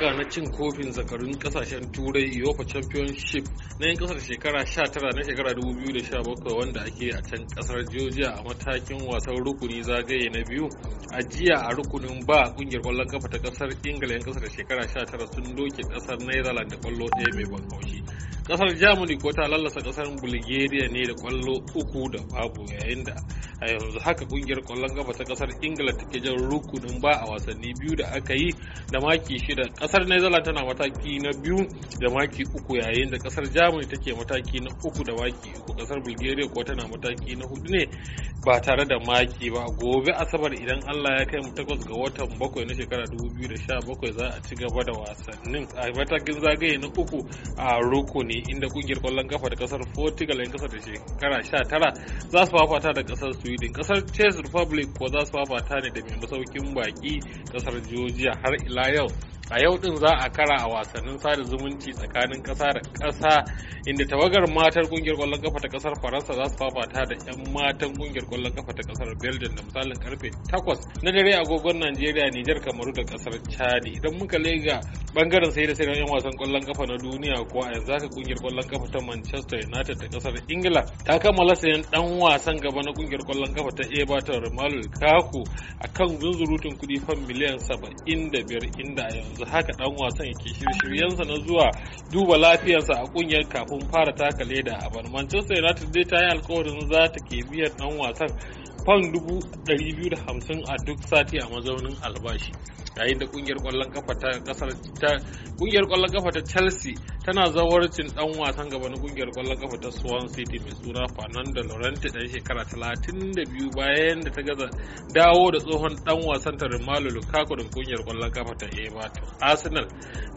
buga na cin kofin zakarun kasashen turai UEFA Championship na yin kasar shekara 19 na shekara 2017 wanda ake a can kasar Georgia a matakin wasan rukuni zagaye na biyu. A jiya a rukunin ba kungiyar kwallon kafa ta kasar Ingila yan kasar shekara 19 sun doke kasar netherland da kwallo ɗaya mai ban haushi. Kasar Germany ko ta lallasa kasar Bulgaria ne da kwallo uku da babu yayin da a yanzu haka kungiyar kwallon kafa ta kasar Ingila take jan rukunin ba a wasanni biyu da aka yi da maki shida kasar Netherlands tana mataki na biyu da maki uku yayin da kasar Germany take mataki na uku da maki uku kasar Bulgaria ko tana mataki na hudu ne ba tare da maki ba gobe asabar idan Allah ya kai mu takwas ga watan bakwai na shekara 2017 za a ci gaba da wasannin a matakin zagaye na uku a rukuni inda kungiyar kwallon kafa da kasar Portugal yan kasar da shekara 19 za su fafata da kasar Sweden kasar Czech Republic ko za su fafata ne da mai masaukin baki kasar Georgia har ila yau a yau din za a kara a wasannin sada zumunci tsakanin ƙasa da ƙasa inda tawagar matar kungiyar ƙwallon kafa ta ƙasar faransa za su fafata da 'yan matan kungiyar ƙwallon kafa ta ƙasar belgium da misalin karfe 8 na dare agogon najeriya nijar kamaru da ƙasar chadi idan muka lega bangaren sai da sai yan wasan kwallon kafa na duniya ko a yanzu haka kungiyar kwallon kafa ta Manchester United ta kasar Ingila ta kammala sayan dan wasan gaba na kungiyar kwallon kafa ta Everton Romelu Lukaku akan zunzurutun kudi fan miliyan 75 inda a yanzu haka dan wasan yake shirye-shiryensa na zuwa duba lafiyarsa a kungiyar kafin fara taka leda a bar Manchester United dai ta yi alkawarin za ta ke biyan dan wasan fan dubu ɗari biyu da hamsin a duk sati a mazaunin albashi yayin da kungiyar kwallon kafa ta kasar ta kungiyar kwallon kafa ta Chelsea tana zawarcin dan wasan gaba na kungiyar kwallon kafa ta Swan City mai suna Fernando Llorente dan shekara 32 bayan da ta gaza dawo da tsohon dan wasan ta Romelu Lukaku da kungiyar kwallon kafa ta Everton. Arsenal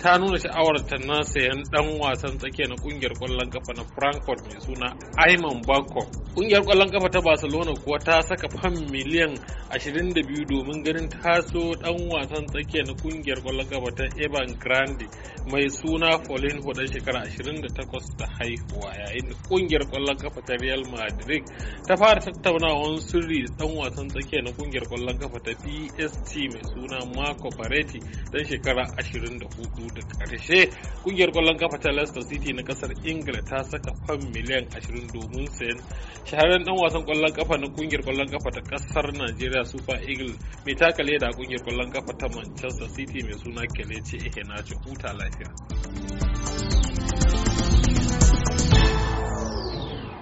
ta nuna sha'awar ta na sayan dan wasan tsakiya na kungiyar kwallon kafa na Frankfurt mai suna Ayman Bakko. Kungiyar kwallon kafa ta Barcelona kuwa ta saka fam miliyan 22 domin ganin taso dan wasan tsakiya na kungiyar kwallon gaba ta Evan Grande mai suna Pauline Hodan shekara 28 da haihuwa yayin da kungiyar kwallon kafa ta Real Madrid ta fara tattaunawar sirri dan wasan tsakiya na kungiyar kwallon kafa ta PST mai suna Marco Paretti dan shekara 24 da karshe kungiyar kwallon kafa ta Leicester City na kasar Ingila ta saka fam miliyan 20 domin sayan shahararren dan wasan kwallon kafa na kungiyar kwallon kafa ta kasar Najeriya Super Eagle mai taka leda kungiyar kwallon kafa ta Manchester City mai suna Kelechi Iheanacho huta lafiya.